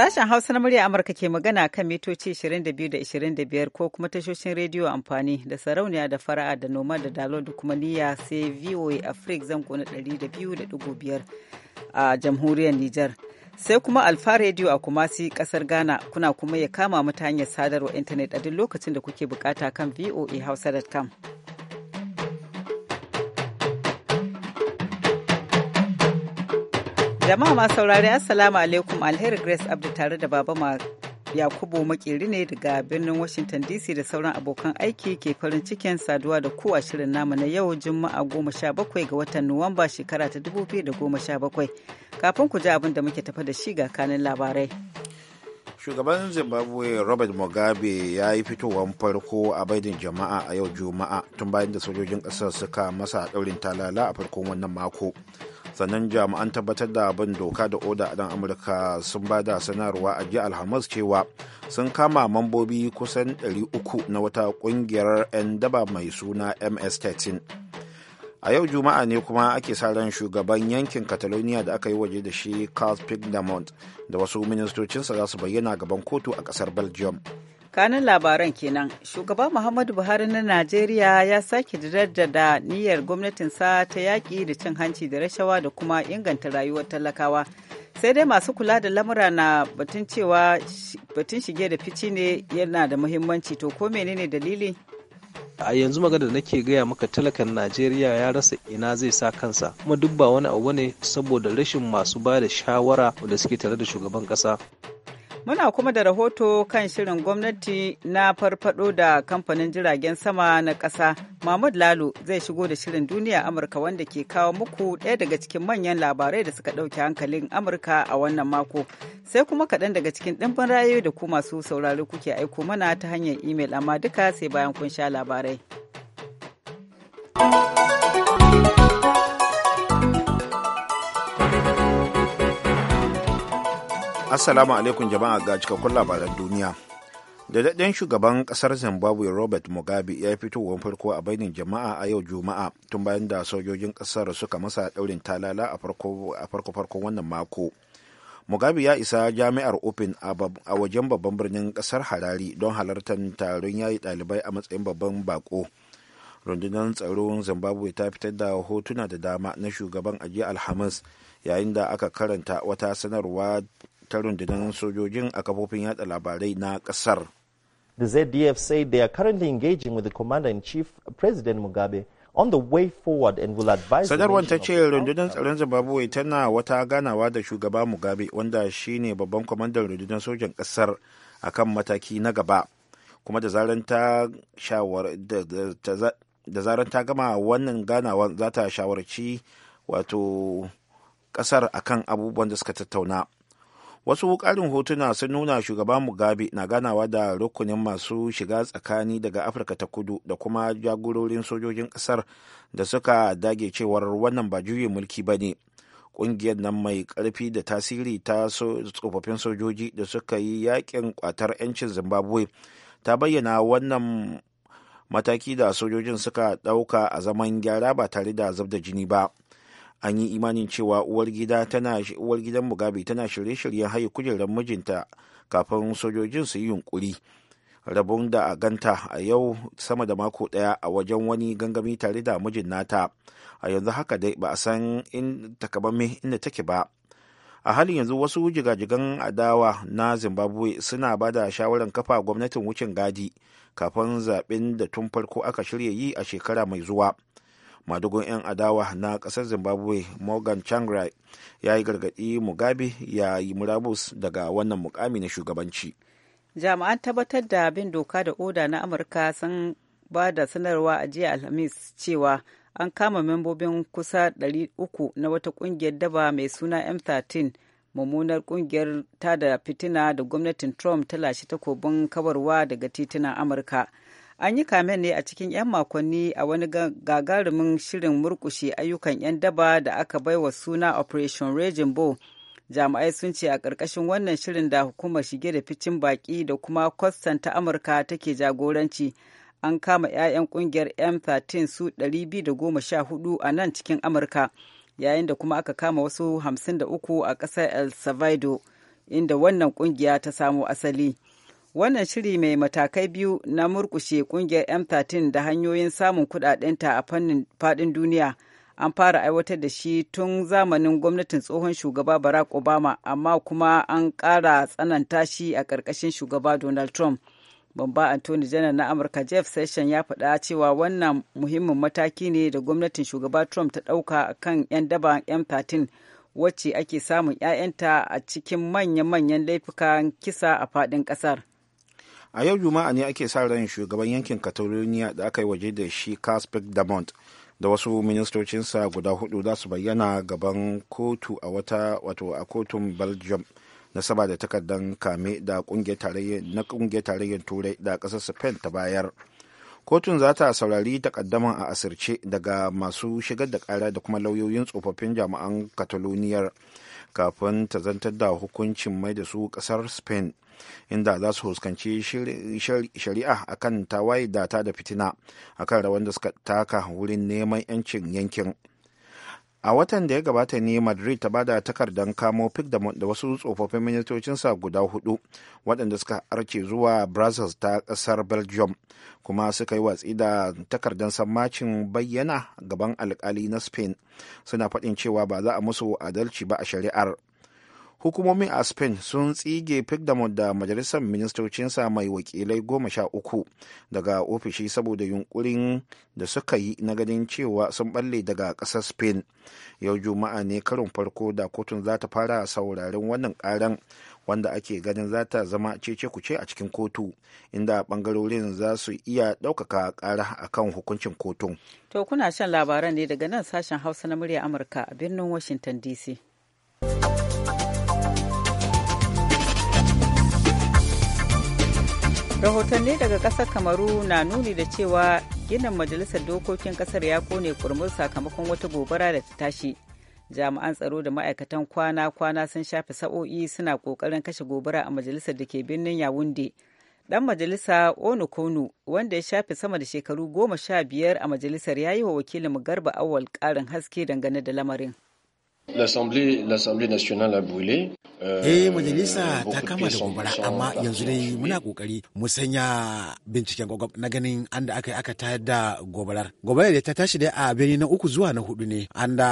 Sashen Hausa na murya Amurka ke magana kan mitoci 22 da 25 ko kuma tashoshin rediyo amfani da sarauniya da fara'a da noma da dalo da kuma niyya sai VOA Africa zango na 200.5 a jamhuriyar Nijar. Sai kuma Alfa Radio a Kumasi kasar Ghana kuna kuma ya kama mutane sadarwa intanet a duk lokacin da kuke bukata kan voahausa.com. Jama'a masu saurari Assalamu alaikum Alheri Grace Abdu tare da Baba ma Yakubu Makeri ne daga birnin Washington DC da sauran abokan aiki ke farin cikin saduwa da kowa shirin namu na yau Juma'a goma sha bakwai ga watan Nuwamba shekara ta dubu biyu da goma sha bakwai. Kafin ku ji abin da muke tafa da shi ga kanin labarai. shugaban zimbabwe robert mugabe ya yi fitowar farko a baidin jama'a a yau juma'a tun bayan da sojojin kasar suka masa ɗaurin talala a farkon wannan mako sannan jami'an tabbatar da bin doka da oda a dan amurka sun ba da sanarwa a jiya alhamis cewa sun kama mambobi kusan 300 na wata kungiyar 'yan daba mai suna ms 13 a yau juma'a ne kuma ake sa ran shugaban yankin catalonia da aka yi waje da shi carl pigdamont da wasu ministocinsa za su bayyana gaban kotu a kasar belgium kanin labaran kenan shugaba muhammadu buhari na najeriya ya sake da niyyar gwamnatinsa ta yaƙi da cin hanci da rashawa da kuma inganta rayuwar talakawa sai dai masu kula da lamura na batun cewa batun shige da fici ne yana da muhimmanci to ko menene dalili a yanzu magana da nake gaya maka talakan najeriya ya rasa ina zai sa kansa kuma duk ba wani abu ne saboda rashin masu ba da shawara da suke tare da shugaban kasa Muna kuma da rahoto kan shirin gwamnati na farfado da kamfanin jiragen sama na ƙasa. Mahmud Lalo zai shigo da shirin duniya Amurka wanda ke kawo muku ɗaya daga cikin manyan labarai da suka ɗauke hankalin Amurka a wannan mako. Sai kuma kaɗan daga cikin ɗimbin rayu da ku masu saurari kuke aiko mana ta hanyar imel amma duka sai bayan kun sha labarai. Assalamu alaikum jama'a ga cikakkun labaran duniya. Da daɗin shugaban ƙasar Zimbabwe Robert Mugabe ya fito wani farko a bainin jama'a a yau Juma'a tun bayan da sojojin ƙasar suka masa ɗaurin talala a farko-farkon wannan mako. Mugabe ya isa jami'ar Open a wajen babban birnin ƙasar Harare don halartar taron yayi ɗalibai a matsayin babban bako. rundunar tsaron zimbabwe ta fitar da hotuna da dama na shugaban ajiya alhamis yayin da aka karanta wata sanarwa ta rundunar sojojin a kafofin yatsa labarai na ƙasar. The ZDF said they are currently engaging with the Commander-in-Chief President Mugabe on the way forward and will advise sadarwar ta ce rundunar tsaron zimbabwe tana wata ganawa da shugaba mugabe wanda shine babban kwamandan rundunar sojan kasar akan mataki na gaba kuma da zaran ta shawar da zaran ta gama wannan ganawa za ta shawarci wato kasar akan abubuwan da suka tattauna wasu ƙarin hotuna sun nuna shugaba mugabe na ganawa da rukunin masu shiga tsakani daga afirka ta kudu da kuma jagororin sojojin kasar da suka dage cewar wannan ba juyin mulki ba ne kungiyar nan mai ƙarfi da tasiri ta tsofaffin sojoji da suka yi yakin kwatar 'yancin zimbabwe ta bayyana wannan mataki da sojojin suka ɗauka a zaman gyara ba tare da zab da jini ba an yi imanin cewa uwar gidan mugabe tana shirye-shiryen haye kujerar mijinta kafin sojojin su yi yunkuri rabon da a ganta a yau sama da mako daya a wajen wani gangami tare da mijin nata a yanzu haka dai ba a san in takamamme inda take ba a halin yanzu wasu jigajigan adawa na zimbabwe suna ba da shawarar kafa gwamnatin wucin gadi kafin zaben da tun farko aka shirya yi a shekara mai zuwa madugun 'yan adawa na kasar zimbabwe morgan changra ya yi gargaɗi mugabe ya yi murabus daga wannan mukami na shugabanci jami'an tabbatar da bin doka da oda na amurka sun ba da sanarwa a jiya alhamis cewa an kama membobin kusa 300 na wata kungiyar daba mai suna m13 mummunar kungiyar ta da fitina da gwamnatin trump ta lashe takobin kawarwa daga titunan amurka an yi kamen ne a cikin 'yan makonni a wani gagarumin shirin murkushe ayyukan 'yan daba da aka bai wa suna operation raging bull jami'ai sun ce a ƙarƙashin wannan shirin da hukumar shige da ficin baƙi da kuma kwastan ta amurka take jagoranci an kama 'ya'yan ƙungiyar m13 su 214 a nan cikin amurka yayin da kuma aka kama wasu 53 a ƙasar el salvador inda wannan ƙungiya ta samo asali. Wannan shiri mai matakai biyu na murkushe kungiyar M13 da hanyoyin samun kudadenta a fannin fadin duniya an fara aiwatar da shi tun zamanin gwamnatin tsohon shugaba Barack Obama amma kuma an ƙara tsananta shi a ƙarƙashin shugaba Donald Trump. bamba Anthony Janar na Amurka Jeff session ya faɗa cewa wannan muhimmin mataki ne da gwamnatin shugaba Trump ta ɗauka kan 'yan daba M13 wacce ake samun 'ya'yanta a cikin manya-manyan laifukan kisa a faɗin ƙasar. a yau juma'a ne ake sa ran shugaban yankin catalonia da aka yi waje da shi caspic damont da wasu ministocinsa guda hudu za su bayyana gaban kotu a wata wato a kotun belgium na saba da takardar kame da kungiyar tarayyar turai da kasar spain ta bayar kotun za ta saurari takaddaman a asirce daga masu shigar da kara da kuma lauyoyin tsofaffin jami'an kataloniyar kafin ta zantar da hukuncin mai da su kasar spain inda za su huskanci shari'a akan tawaye data da fitina akan rawan da suka taka wurin neman 'yancin yankin a watan da ya gabata ne madrid ta bada takardar kamo pic da wasu tsofaffin ministocinsa guda hudu waɗanda suka arce zuwa brussels ta ƙasar belgium kuma suka yi watsi da takardar sammacin bayyana gaban alkali na spain suna faɗin cewa ba za a musu adalci ba a shari'ar hukumomin a spain sun tsige pigdamont da majalisar ministocinsa mai wakilai goma sha uku daga ofishi saboda yunkurin da suka yi na ganin cewa sun balle daga ƙasar spain yau juma'a ne karin farko da kotun za ta fara sauraren wannan karan wanda ake ganin za ta zama cece kuce a cikin kotu inda bangarorin za su iya ɗaukaka ƙara kan hukuncin kotun to kuna shan labaran ne daga nan sashen hausa na murya amurka a birnin washington dc rahotanni daga kasar kamaru na nuni da cewa ginin majalisar dokokin kasar ya kone kurmur sakamakon wata gobara da ta tashi jami'an tsaro da ma'aikatan kwana-kwana sun shafe sa'o'i suna kokarin kashe gobara a majalisar da ke birnin yawunde dan majalisa onu konu wanda ya shafe sama da shekaru goma sha biyar a majalisar ya yi wa wakilin garba awal karin haske dangane da lamarin Euh, eh majalisa ta kama da gobara amma yanzu dai muna kokari mu sanya binciken na ganin an da aka yi aka tayar da gobarar. Gobarar da ta tashi dai a birni na uku zuwa na hudu ne an da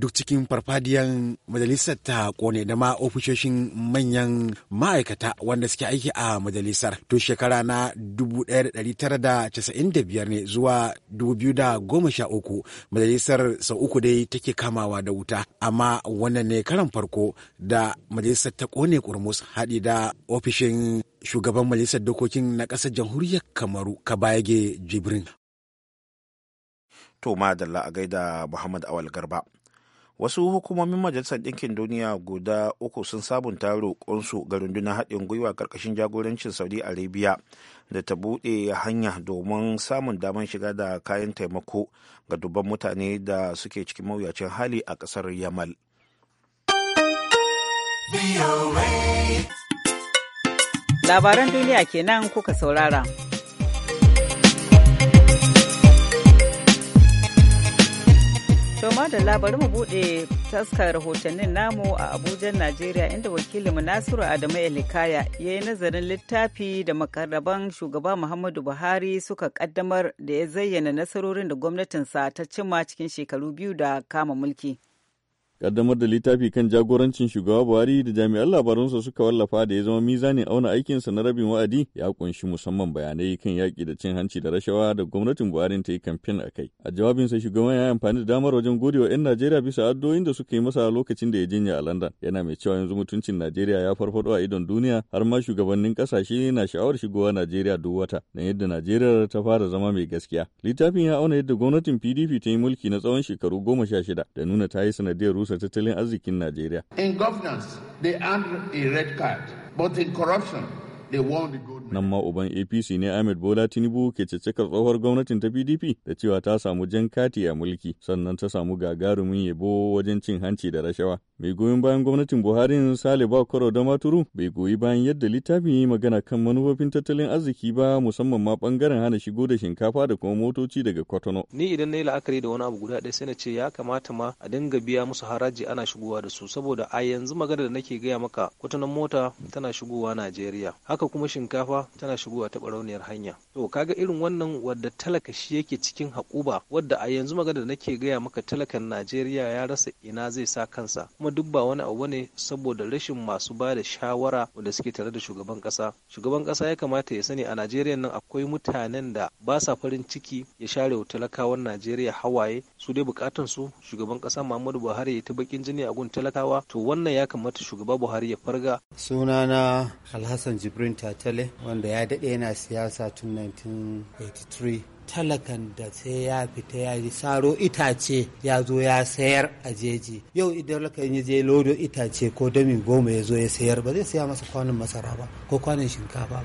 duk cikin farfadiyan majalisar ta kone da ma ofishoshin manyan ma'aikata wanda suke aiki a majalisar. To shekara na 1995 ne zuwa 2013 majalisar sau uku dai take kamawa da wuta. amma wannan ne karan farko da majalisar ta kone kurmus haɗi da ofishin shugaban majalisar dokokin na ƙasar jamhuriyar kamaru ka bayage jibrin to madalla a gaida muhammad awal garba wasu hukumomin majalisar ɗinkin duniya guda uku sun sabunta roƙonsu ga rundunar haɗin gwiwa ƙarƙashin jagorancin saudi arabia da ta buɗe hanya domin samun damar shiga da kayan taimako ga dubban mutane da suke cikin mawuyacin hali a ƙasar yamal labaran duniya kenan kuka saurara To da bari mu bude taskar rahotannin namu a Abuja, Najeriya inda wakilinmu Nasiru Adamu Elikaya ya yi nazarin littafi da makarraban shugaba Muhammadu Buhari suka kaddamar da ya zayyana nasarorin da gwamnatinsa ta cimma cikin shekaru biyu da kama mulki. kaddamar da littafi kan jagorancin shugaba buhari da jami'an labarunsa suka wallafa da ya zama mizanin auna aikinsa na rabin wa'adi ya kunshi musamman bayanai kan yaƙi da cin hanci da rashawa da gwamnatin buhari ta yi kamfen a kai a jawabinsa shugaban ya amfani da damar wajen gode wa 'yan najeriya bisa addu'o'in da suka yi masa lokacin da ya jinya a london yana mai cewa yanzu mutuncin najeriya ya farfado a idon duniya har ma shugabannin kasashe na sha'awar shigowa najeriya duk wata na yadda najeriya ta fara zama mai gaskiya littafin ya auna yadda gwamnatin pdp ta yi mulki na tsawon shekaru goma sha shida da nuna ta yi sanadiyar rusa durƙusa tattalin arzikin Najeriya. In governance, they earn a red card, but in corruption, they won the gold. Nan ma uban APC ne Ahmed Bola Tinubu ke cecekar tsohuwar gwamnatin ta PDP da cewa ta samu jan kati a mulki sannan ta samu gagarumin yabo wajen cin hanci da rashawa. Mai goyon bayan gwamnatin Buhari Sale ba kwaro da Maturu bai goyi bayan yadda littafin yi magana kan manufofin tattalin arziki ba musamman ma bangaren hana shigo da shinkafa da kuma motoci daga Kotono. Ni idan na yi la'akari da wani abu guda ɗaya sai na ce ya kamata ma a dinga biya musu haraji ana shigowa da su saboda a yanzu magana da nake gaya maka kwatanan mota tana shigowa Najeriya haka kuma shinkafa tana shigowa ta barauniyar hanya to kaga irin wannan wadda talaka shi yake cikin haƙuba wadda a yanzu magana da nake gaya maka talakan Najeriya ya rasa ina zai sa kansa kuma duk ba wani abu ne saboda rashin masu ba da shawara wanda suke tare da shugaban kasa shugaban kasa ya kamata ya sani a Najeriya nan akwai mutanen da ba sa farin ciki ya share wa talakawan Najeriya hawaye su dai bukatan su shugaban kasa Muhammadu Buhari ta bakin jini a gun talakawa to wannan ya kamata shugaba Buhari ya farga sunana Alhassan Jibrin Tatale wanda ya daɗe yana siyasa tun 1983 talakan da sai ya fita ya yi saro itace ya zo ya sayar a jeji yau idan laka yi je lodo itace ko dami goma ya zo ya sayar ba zai saya masa kwanin masara ba ko kwanon shinkafa ba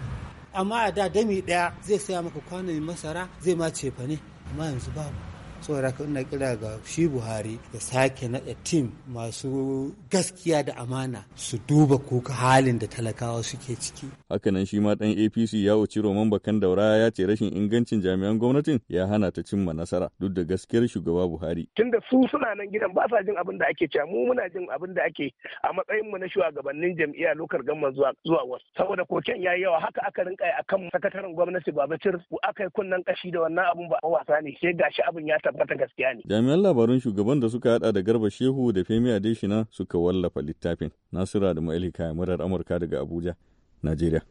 amma a da dami ɗaya zai saya maka kwanon masara zai ma cefa ne amma yanzu babu saboda haka ina kira ga shi buhari da sake naɗa tim masu gaskiya da amana su duba kuka halin da talakawa suke ciki Hakanan shi ma ɗan APC ya wuci Roman Bakan Daura ya ce rashin ingancin jami'an gwamnatin ya hana ta cimma nasara duk da gaskiyar shugaba Buhari. Tunda su suna nan gidan ba sa jin abin da ake cewa mu muna jin abin da ake a matsayin mu na shugabannin jam'iyya lokar gamma zuwa zuwa wasu. Saboda koken yayi yawa haka aka rinka a kan sakataren gwamnati Babacir aka yi kunnen kashi da wannan abun ba wasa ne sai gashi abin ya tabbata gaskiya ne. Jami'an labarun shugaban da suka hada da Garba Shehu da Femi Adeshina suka wallafa littafin. Nasira da Ma'ili Murar Amurka daga Abuja. Najeriya.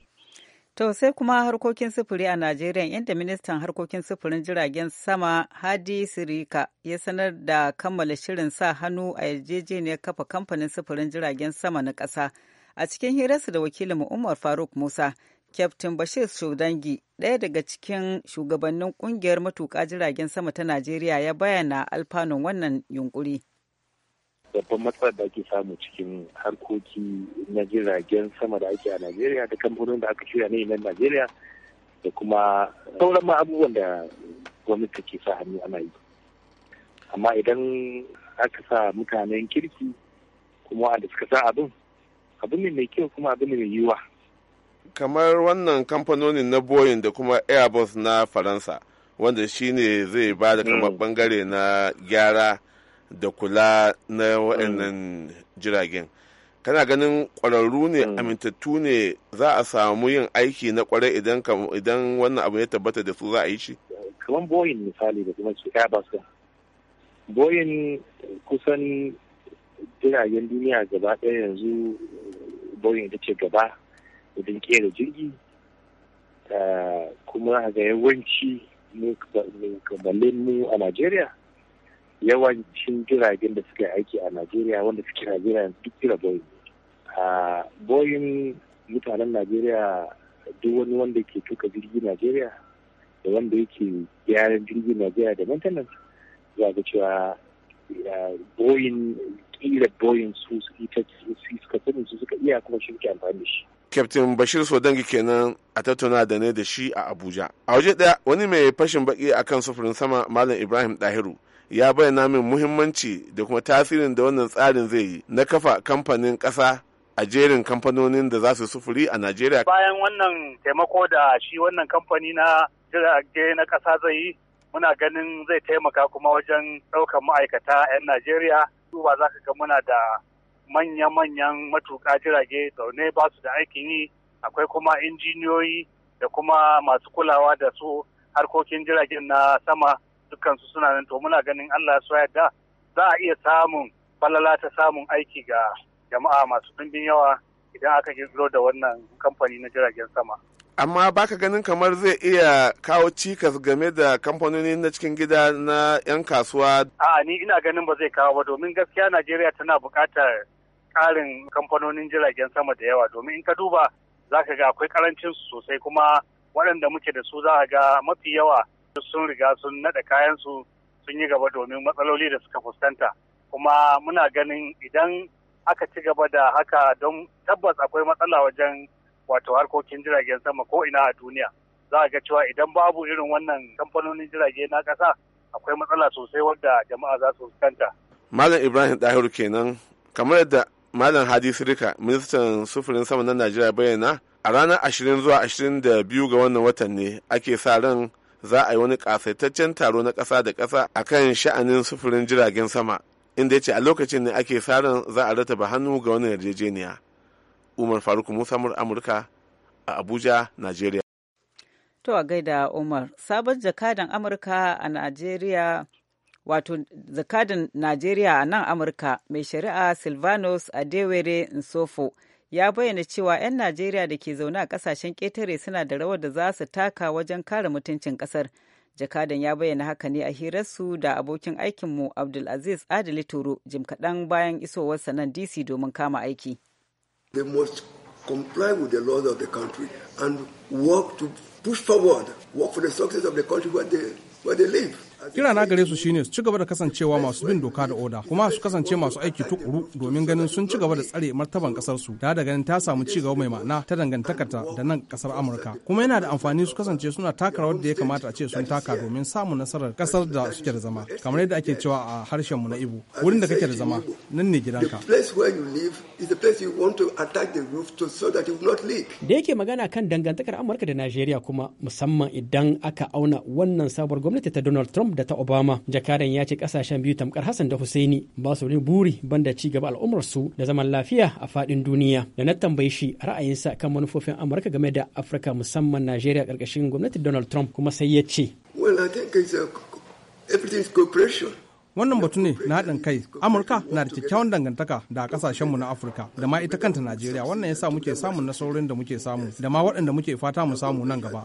To sai kuma harkokin sufuri a Najeriya inda ministan harkokin sufurin jiragen sama Hadi Sirika ya sanar da kammala shirin sa hannu a yarjejeniyar kafa kamfanin sufurin jiragen sama na ƙasa. A cikin hirarsa da wakilin Umar Faruk Musa, Kyaftin Bashir Shodangi, ɗaya daga cikin shugabannin ƙungiyar matuƙa jiragen sama ta Najeriya ya bayyana alfanun wannan yunƙuri. babban matsalar da ake samu cikin harkoki na jiragen sama da ake a Najeriya da kamfanonin da aka shirya na nan Najeriya da kuma sauran ma abubuwan da gwamnati ke sa hannu ana yi. Amma idan aka sa mutanen kirki kuma da suka sa abin, abin ne mai kyau kuma abin ne mai yiwa. Kamar wannan kamfanonin na Boeing da kuma Airbus na Faransa. wanda shi ne zai ba da kamar bangare mm. na gyara da kula na waɗannan jiragen kana ganin ƙwararru ne mm. amintattu ne za a samu yin aiki na ƙwarai idan idan wannan abu ya tabbata da su za a yi shi kamar boyin misali da kuma su airbus boyin kusan jiragen duniya gaba ɗaya yanzu boyin ita ce gaba idan da jirgi eh, kuma ga yawanci mu mu a najeriya yawancin jiragen da suka yi aiki a najeriya wanda suke najeriya duk jira boyin boyin mutanen najeriya duk wani wanda ke tuka jirgin najeriya da wanda yake gyaran jirgin najeriya da maintenance za ga cewa boyin kila boyin su suka su suka iya kuma shi suke amfani da shi Kyaftin Bashir Sodangi kenan a tattauna da ne da shi a Abuja. A waje daya, wani mai fashin baki akan sufurin sama Malam Ibrahim Dahiru ya bayyana min muhimmanci da kuma tasirin da wannan tsarin zai yi na kafa kamfanin ƙasa a jerin kamfanonin da za su sufuri a Najeriya. Bayan wannan taimako da shi wannan kamfani na jirage na ƙasa zai yi, muna ganin zai taimaka kuma wajen ɗaukar ma'aikata 'yan Najeriya. Duba za ka ga muna da manya-manyan matuƙa jirage zaune ba su da aikin yi, akwai kuma injiniyoyi da kuma masu kulawa da su harkokin jiragen na sama dukansu suna nan to muna ganin Allah ya yadda za a iya samun falala ta samun aiki ga jama'a masu ɗimbin yawa idan aka kirkiro da wannan kamfani na jiragen sama. Amma baka ganin kamar zai iya kawo cikas game da kamfanoni na cikin gida na 'yan kasuwa? A'a ni ina ganin ba zai kawo ba domin gaskiya Najeriya tana buƙatar ƙarin kamfanonin jiragen sama da yawa domin in ka duba za ka ga akwai su sosai kuma waɗanda muke da su za a ga mafi yawa sun riga sun naɗa kayansu sun yi gaba domin matsaloli da suka fuskanta kuma muna ganin idan aka ci gaba da haka don tabbas akwai matsala wajen wato harkokin jiragen sama ko ina a duniya za a ga cewa idan babu irin wannan kamfanonin jirage na ƙasa akwai matsala sosai wadda jama'a za su fuskanta. Malam Ibrahim Dahiru kenan kamar yadda Malam Hadi Sirika ministan sufurin sama na Najeriya bayyana a ranar 20 zuwa 22 ga wannan watan ne ake sa ran za a yi wani ƙasaitaccen taro na ƙasa da ƙasa a kan sha'anin sufurin jiragen sama inda ya ce a lokacin ne ake saran za a rataba hannu ga wani yarjejeniya umar faruk musa amurka a abuja nigeria to a gaida umar sabon jakadan amurka a nigeria wato jakadan nigeria a nan amurka mai shari'a silvanus adewere nsofo ya bayyana cewa 'yan Najeriya da ke zaune a kasashen ƙetare suna da rawar da za su taka wajen kare mutuncin ƙasar. Jakadan ya bayyana haka ne a hirarsu da abokin aikinmu Abdulaziz Adili Toro jim kaɗan bayan isowarsa nan DC domin kama aiki. They must comply with the laws of the country and work to push forward, work for the success of the kira na gare su shine su ci gaba da kasancewa masu bin doka da oda kuma su kasance masu aiki tukuru domin ganin sun ci gaba da tsare martaban kasar su da ganin ta samu ci gaba mai ma'ana ta dangantakarta da nan kasar amurka kuma yana da amfani su kasance suna taka rawar da ya kamata a ce sun taka domin samun nasarar kasar da suke da zama kamar yadda ake cewa a harshen mu na ibo wurin da kake da zama nan ne gidanka da yake magana kan dangantakar amurka da najeriya kuma musamman idan aka auna wannan sabuwar gwamnati ta donald trump da ta Obama. Jakadan ya ce kasashen biyu tamkar Hassan da Husaini ba su ne buri banda ci gaba al'ummarsu da zaman lafiya a fadin duniya. Da na tambayi shi ra'ayinsa kan manufofin Amurka game da Afirka musamman Najeriya karkashin gwamnati Donald Trump kuma sai ya ce. Well, I think it's a, everything's cooperation. wannan batu ne na haɗin kai amurka na da kyakkyawan dangantaka da kasashenmu na afirka da ma ita kanta najeriya wannan yasa muke samun nasarorin da muke samu da ma waɗanda muke fata mu samu nan gaba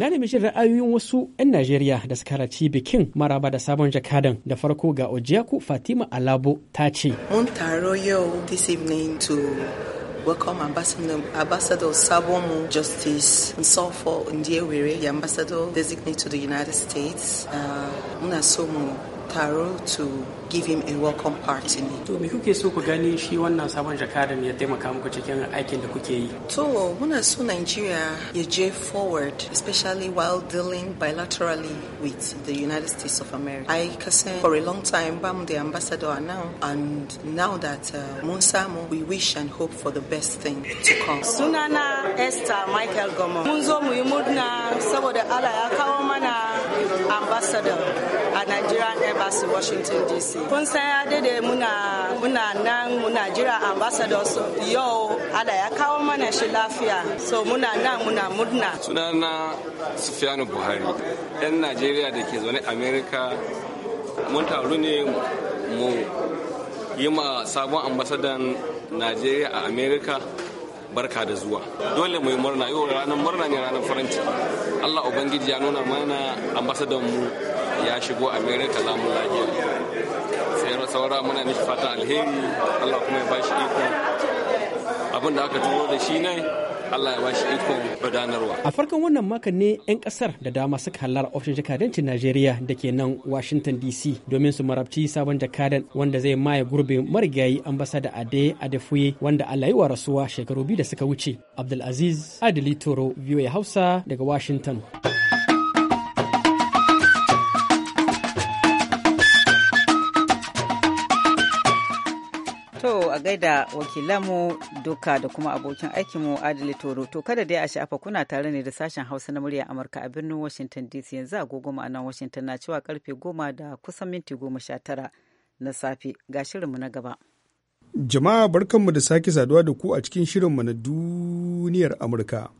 na nemi shirin ra'ayoyin wasu 'yan najeriya da suka halarci bikin maraba da sabon jakadan da farko ga ojiyaku fatima alabo ta ce mun taro yau this evening welcome Ambassador, Ambassador Sabomu Justice Nsofo Ndiewere, the Ambassador Designate to the United States. Uh, taro to give him a welcome party To me kuke so ku gani shi wannan sabon jakadan ya taimaka muku cikin aikin da kuke yi? To muna so Nigeria ya je forward especially while dealing bilaterally with the United States of America. I kasan for a long time bamu the ambassador now and now that uh, mun samu we wish and hope for the best thing to come. Sunana Esther Michael Gomo. Mun zo mu yi murna saboda Allah ya kawo mana ambassador a Nigerian Embassy Washington DC. Kun san ya dade muna muna nan muna jira ambassador so yau Allah ya kawo mana shi lafiya so muna nan muna murna. Sunana Sufiyanu Buhari, 'yan nigeria da ke zaune america mun taru ne mu yi ma sabon ambasadan Najeriya a america. barka da zuwa dole mu yi murna yau ranar murna ne ranar farin Allah ubangiji ya nuna mana ambasadan mu ya shigo a America lamun lafiya sai saura muna mishi fata alheri Allah kuma ya bashi iko abin da aka turo da shi ne Allah ya bashi ikon gudanarwa. A farkon wannan makon ne 'yan kasar da dama suka halara ofishin jakadancin Najeriya da ke nan Washington DC domin su marabci sabon jakadan wanda zai maye gurbin marigayi ambasada Ade Adefuye wanda Allah yi wa rasuwa shekaru biyu da suka wuce. Abdulaziz Adili Toro, VOA Hausa daga Washington. gaida wakilanmu duka da kuma abokin aikinmu adali Toro. To kada dai a sha'afa kuna tare ne da sashen Hausa na murya Amurka a birnin Washington DC yanzu agogo nan Washington na cewa karfe goma da kusan minti goma sha tara na safe ga shirinmu na gaba. Jama'a barkanmu da sake saduwa da ku a cikin shirinmu na duniyar Amurka.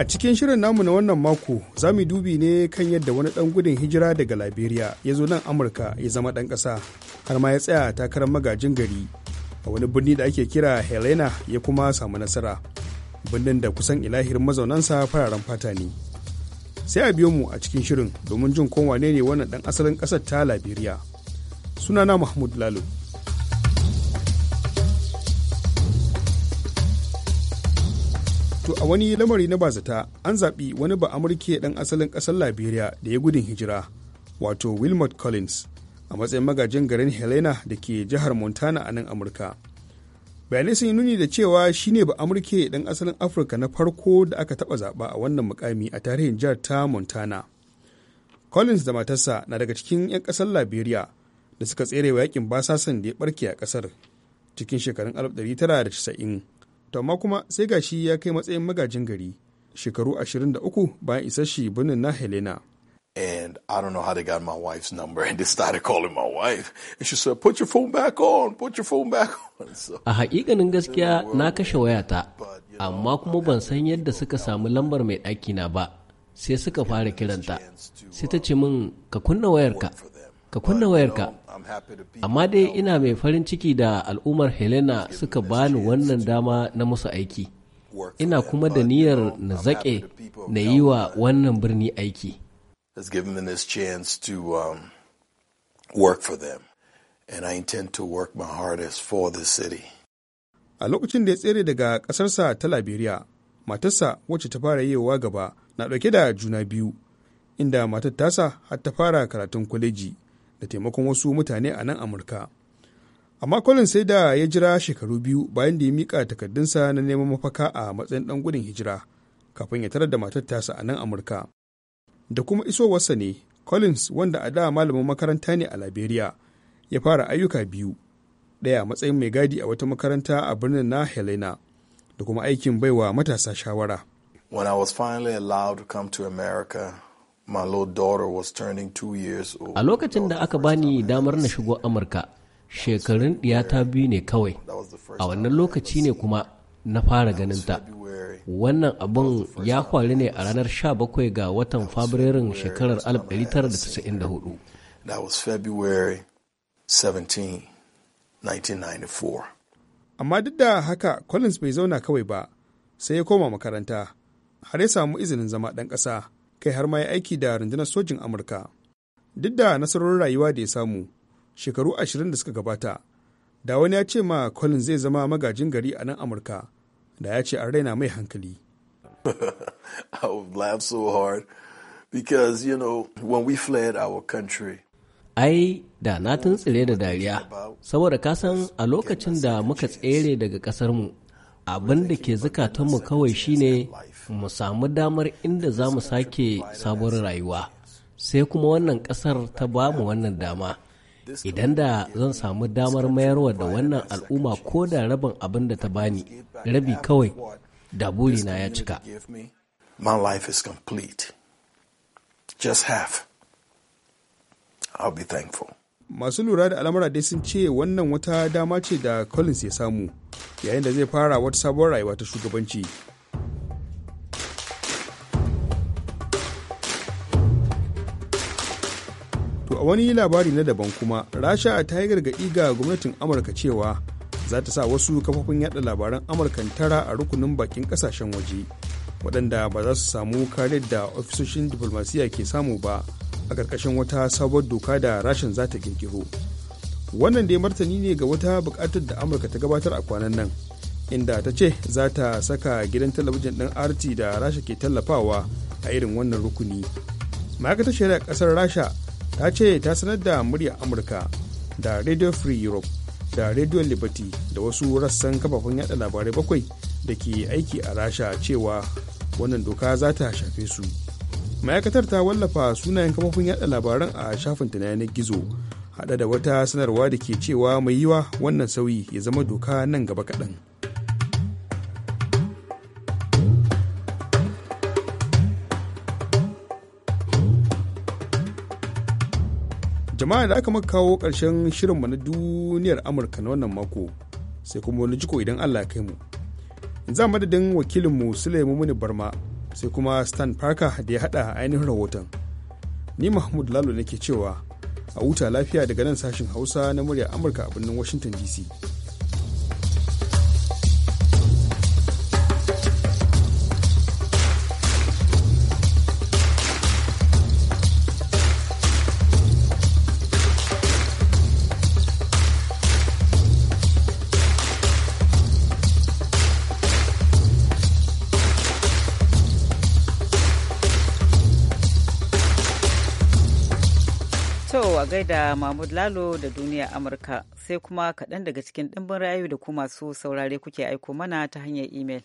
A cikin shirin namu na wannan mako za mu dubi ne kan yadda wani ɗan gudun hijira daga Liberia ya zo nan Amurka ya zama ɗan ƙasa har ma ya tsaya takarar magajin gari a wani birni da ake kira Helena ya kuma samu nasara. Birnin da kusan ilahirin mazaunansa fararen fata ne. Sai a biyo mu a cikin shirin domin jin kowane ne wannan ɗan asalin ƙasar ta Liberia. Sunana Mahmud Lalo. To a wani lamari na bazata an zaɓi wani ba Amurke ɗan asalin ƙasar Liberia da ya gudun hijira, wato Wilmot Collins, a matsayin magajin garin Helena da ke jihar Montana a nan Amurka. Bayanai sun yi nuni da cewa shi ne ba Amurke ɗan asalin Afirka na farko da aka taɓa zaɓa a wannan mukami a tarihin jihar ta Montana. Collins da matarsa na daga cikin 'yan ƙasar Liberia da suka tserewa yakin basasan da ya ɓarke a ƙasar cikin shekarun 1990. to amma kuma sai ga shi ya kai matsayin magajin gari shekaru 23 bayan isar shi birnin na helena And I don't know how they got my wife's number and they started calling my wife. And she said, Put your phone back on, put your phone back on. So, a haƙiƙanin gaskiya na kashe wayata, amma kuma ban san yadda suka samu lambar mai ɗakina ba, sai suka fara kiranta. Sai ta uh, ce min, Ka kunna wayarka. ka kunna wayarka amma dai ina mai farin ciki da al'ummar helena suka bani wannan dama na musu aiki ina kuma da niyyar na zaƙe na yi wa wannan birni aiki um, a lokacin da ya tsere daga ƙasarsa ta liberia matarsa wacce ta fara yewa gaba na ɗauke da juna biyu inda matar tasa har ta fara karatun kwaleji da taimakon wasu mutane a nan amurka amma colin sai da ya jira shekaru biyu bayan da ya mika takardunsa na neman mafaka a matsayin ɗan gudun hijira kafin ya tarar da matar a nan amurka da kuma isowarsa ne collins wanda a da malamin makaranta ne a liberia ya fara ayyuka biyu ɗaya matsayin mai gadi a wata makaranta a birnin na helena da kuma aikin baiwa matasa shawara when i was finally allowed to come to america A lokacin da aka bani damar na shigo Amurka, shekarun ta biyu ne kawai. A wannan lokaci ne kuma na fara ganin ta. Wannan abun ya faru ne a ranar 17 ga watan Fabrairun shekarar 1994. Amma duk da haka Collins bai zauna kawai ba, sai ya koma makaranta, har ya samu izinin zama ɗan ƙasa. kai har ma ya aiki da rundunar sojin amurka duk da nasarorin rayuwa da ya samu shekaru ashirin da suka gabata da wani ya ce ma collins zai zama magajin gari a nan amurka da ya ce an raina mai hankali ai da na tsire da dariya saboda kasan a lokacin da muka tsere daga ƙasarmu abin da ke zukatanmu kawai shine mu samu damar inda za mu sake sabon rayuwa sai kuma wannan ƙasar ta ba mu wannan dama idan da zan samu damar mayarwa da wannan al'umma ko da rabin abin da ta bani rabi kawai da burina ya cika my is complete just half i'll masu lura da al'amura dai sun ce wannan wata dama ce da collins ya samu yayin da zai fara wata sabon rayuwa ta shugabanci a wani labari na daban kuma rasha ta yi gargaɗi ga gwamnatin amurka cewa za ta sa wasu kafofin yada labaran amurkan tara a rukunin bakin kasashen waje waɗanda ba za su samu kariyar da ofisoshin diplomasiya ke samu ba a ƙarƙashin wata sabon doka da rashin za ta ƙirƙiro wannan dai martani ne ga wata buƙatar da amurka ta gabatar a kwanan nan inda ta ce za ta saka gidan talabijin ɗin rt da rasha ke tallafawa a irin wannan rukuni ma'aikatar shari'a ƙasar rasha ta ce ta sanar da muryar amurka da radio free europe da radio liberty da wasu rassan kafafen yada labarai bakwai da ke aiki a rasha cewa wannan doka za ta shafe su ma'aikatar ta wallafa sunayen kafafun yada labaran a shafinta na yanar gizo hada da wata sanarwa da ke cewa mai yiwa wannan sauyi ya zama doka nan gaba kaɗan. jama'a da aka maka kawo ƙarshen shirinmu na duniyar amurka na wannan mako sai kuma wani jiko idan allah kai mu za madadin wakilinmu sulaimu muni barma sai kuma stan parker da ya haɗa ainihin rahoton ni mahmud lalo nake cewa a huta lafiya daga nan sashen hausa na murya amurka a birnin washington dc gaida Mahmud Lalo da Duniya Amurka sai kuma kaɗan daga cikin ɗimbin rayu da ku masu saurare kuke aiko mana ta hanyar imel.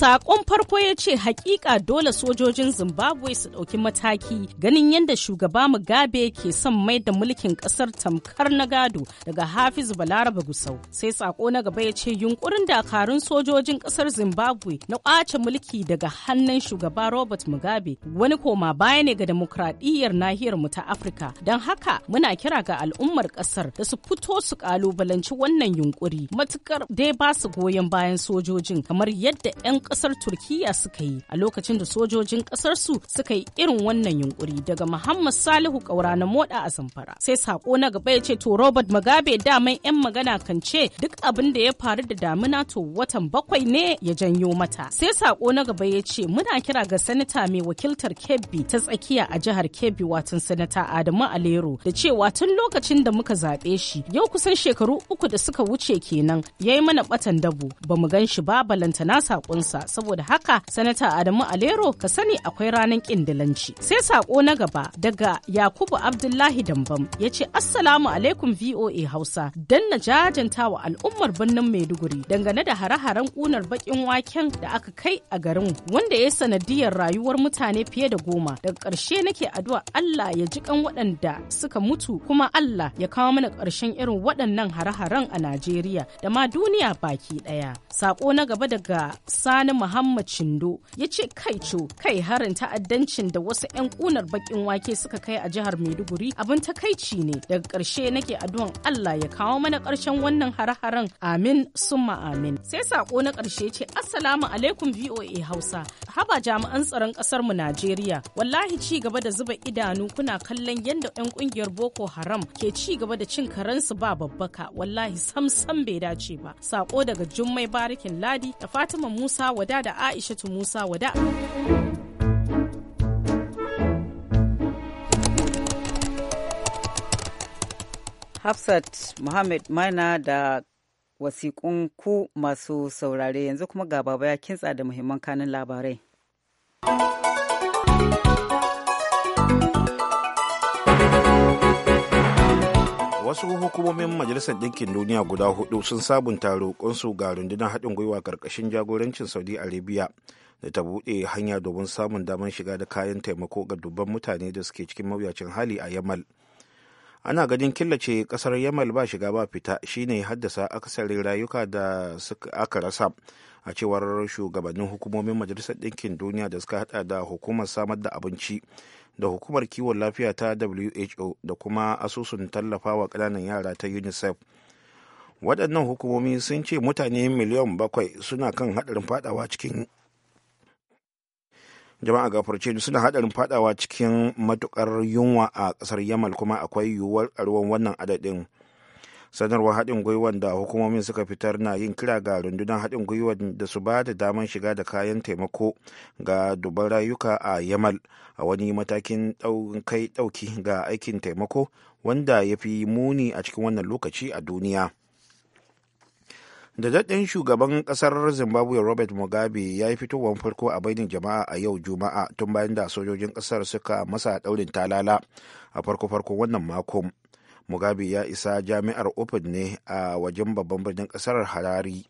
Sakon farko ya ce hakika dole sojojin Zimbabwe su ɗauki mataki ganin yadda shugaba Mugabe ke son mai da mulkin ƙasar tamkar na gado daga Hafiz Balaraba Gusau. Sai sako na gaba ya ce yunkurin dakarun sojojin ƙasar Zimbabwe na ƙwace mulki daga hannun shugaba Robert Mugabe wani koma baya ne ga demokradiyyar nahiyar mu ta Afirka. Don haka muna kira ga al'ummar ƙasar da su fito su ƙalubalanci wannan yunkuri matukar dai ba su goyon bayan sojojin kamar yadda 'yan kasar turkiya suka yi a lokacin da sojojin kasar su suka yi irin wannan yunkuri daga muhammad salihu kaura na moda a zamfara sai sako na gaba ya ce to robert mugabe daman yan magana kan ce duk abin da ya faru da damina to watan bakwai ne ya janyo mata sai sako na gaba ya ce muna kira ga sanata mai wakiltar kebbi ta tsakiya a jihar kebbi watan sanata adamu alero da cewa tun lokacin da muka zaɓe shi yau kusan shekaru uku da suka wuce kenan ya yi mana batan dabo ba mu gan shi ba balantana saƙonsa. saboda haka sanata Adamu Alero ka sani akwai ranar ƙindilanci. Sai sako na gaba daga Yakubu Abdullahi Dambam ya ce Assalamu alaikum VOA Hausa don na jajanta wa al'ummar birnin Maiduguri dangane da hare-haren ƙunar baƙin waken da aka kai a garin wanda ya sanadiyar rayuwar mutane fiye da goma. Daga ƙarshe nake addu'a Allah ya ji kan waɗanda suka mutu kuma Allah ya kawo mana ƙarshen irin waɗannan hare-haren a Najeriya da ma duniya baki ɗaya. Sako na gaba daga Sani Sani Muhammad Shindo ya ce kai co kai harin ta'addancin da wasu 'yan kunar bakin wake suka kai a jihar Maiduguri abin takaici ne daga ƙarshe nake addu'an Allah ya kawo mana ƙarshen wannan har-haren amin summa amin. Sai sako na ƙarshe ce Assalamu alaikum VOA Hausa. Haba jami'an tsaron ƙasar mu Najeriya wallahi ci gaba da zuba idanu kuna kallon yadda 'yan ƙungiyar Boko Haram ke ci gaba da cin karensu ba babbaka wallahi sam sam bai dace ba. Sako daga Jummai Barikin Ladi da Fatima Musa Wada da Aishatu Musa Wada. Hafsat Muhammad Maina da wasiƙun ku masu saurare yanzu kuma ga baba ya kintsa da muhimman kanin labarai. wasu hukumomin majalisar ɗinkin duniya guda hudu sun sabunta roƙonsu ga rundunar haɗin gwiwa ƙarƙashin jagorancin saudi arabia da ta buɗe hanya domin samun damar shiga da kayan taimako ga dubban mutane da suke cikin mawuyacin hali a yamal ana ganin killace kasar yamal ba shiga ba fita shine haddasa akasarin rayuka da aka rasa a cewar shugabannin hukumomin majalisar ɗinkin duniya da suka hada da hukumar samar da abinci da hukumar kiwon lafiya ta who da kuma asusun tallafawa ƙananan yara ta unicef waɗannan hukumomi sun ce mutane miliyan bakwai suna kan haɗarin fadawa cikin jama'a gafarce suna haɗarin fadawa cikin matukar yunwa a ƙasar yamal kuma akwai yiwuwar ƙaruwan wannan adadin sanarwar haɗin gwiwar da hukumomin suka fitar na yin kira ga rundunar haɗin gwiwar da su ba da damar shiga da kayan taimako ga dubban rayuka a yamal a wani matakin kai ɗauki ga aikin taimako wanda ya fi muni a cikin wannan lokaci a duniya da daɗin shugaban ƙasar zimbabwe robert mugabe ya yi fitowar farko a bainin jama'a a yau juma'a tun bayan da sojojin ƙasar suka masa ɗaurin talala a farko-farko wannan makon mugabe ya isa jami'ar open ne a wajen babban birnin kasar harari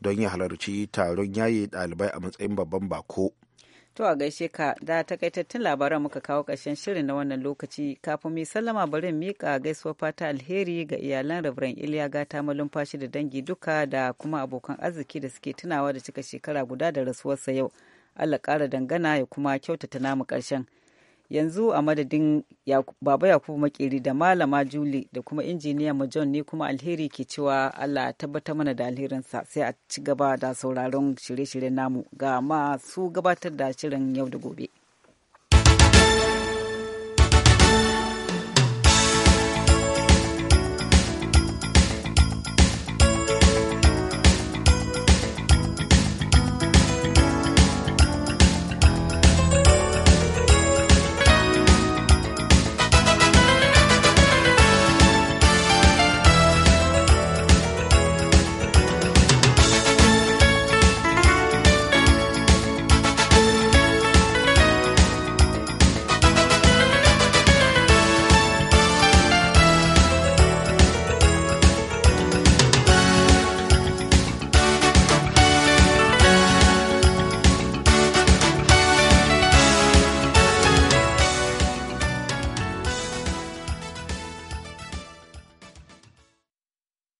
don ya halarci taron yaye dalibai a matsayin babban bako to a gaishe ka da takaitattun labaran muka kawo ƙarshen shirin na wannan lokaci kafin mai sallama bari miƙa gaisuwar fata alheri ga iyalan rabiran iliya gata malumfashi da dangi duka da kuma abokan arziki da suke tunawa da cika shekara guda da rasuwarsa yau allah ƙara dangana ya kuma kyautata namu ƙarshen yanzu a madadin baba yakubu makeri da malama juli da kuma injiniya mu john ne kuma alheri ke cewa allah tabbatar mana da alherinsa sai a ci gaba da sauraron shirye-shiryen namu ga masu gabatar da shirin yau da gobe.